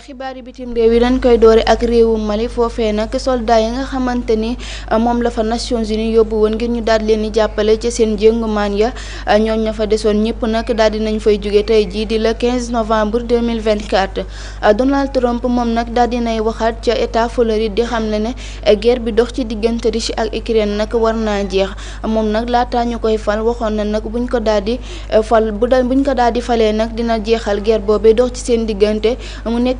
xibaari bitim réew yi dañ koy doore ak réewum Mali foofee nak soldat yi nga xamante ni uh, moom la fa Nations Unies yóbbu woon ngir ñu daal leen di jàppale ca seen jëngumaan ya uh, ñooñ ña fa desoon ñëpp nag daal di nañ fay jóge tey jii di le 15 novembre 2024 uh, Donald Trump moom nag daal di nay waxaat ca état Floride di xam ne ne ger bi dox ci diggante Russie ak Ukraine nag war naa jeex moom nag laataa ñu koy fal waxoon na nag buñ ko daal di fal bu buñ ko daal di falee nag dina jeexal guerre boobee dox ci seen diggante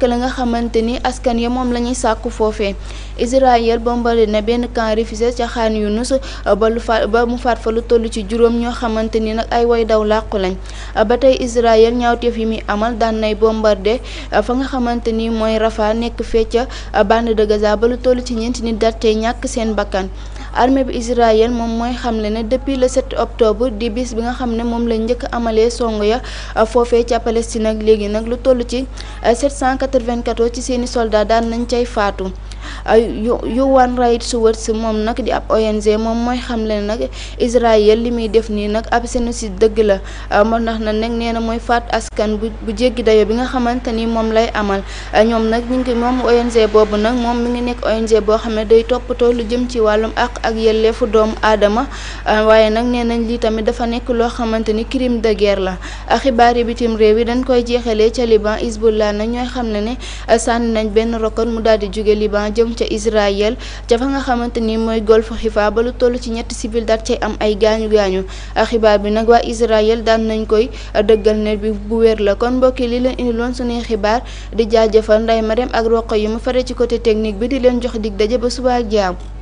la nga xamante ni askan ya moom la ñuy sàkku foofee Israël bombardé na benn camp réfugié ca Khan Younis ba lu ba mu faat fa lu toll ci juróom ñoo xamante ni nag ay way daw làqu lañ ba tey Israël ñaawteef yi muy amal daan nay bombardé fa nga xamante ni mooy Rafa nekk fee ca bande de Gaza ba lu toll ci ñeenti ni darte tey ñàkk seen bakkan. armée bu Israël moom mooy xam ne depuis le 7 octobre di bis bi nga xam ne moom la njëkk amalee song ya foofee ca Palestine ak léegi nag lu toll ci 794 ci seeni soldats daan nañ cay faatu. yu Human Rights si moom nag di ab ONG moom mooy xam leen nag Israël li muy def nii nag ab génocide dëgg la ah, moo tax na nag nee na mooy faat askan bu bu jéggi dayo bi nga xamante ni moom lay amal ah, ñoom nag ñu ngi moom ONG boobu nag moom mu ngi nekk ONG boo xam ne day toppatoo lu jëm ci wàllum àq ak yelleefu doomu aadama ah, waaye nag nee nañ lii tamit dafa nekk loo xamante ni crime de la xibaar yi bitim réew yi dañ koy jeexalee ca Liban Hezbollah nag ñooy xam ne ne sànni nañ benn rocket mu daal di jóge Liban ca Israël ca fa nga xamante ni mooy golfe Xifa ba lu toll ci ñetti civil daat cay am ay gaañu gaañu xibaar bi nag waa Israël daan nañ koy dëggal ne bi bu wér la kon mbokki li leen indiloon suñuy xibaar di jaajëfal nday ma dem ak roqo yi ma fare ci côté technique bi di leen jox dig daje ba suba ak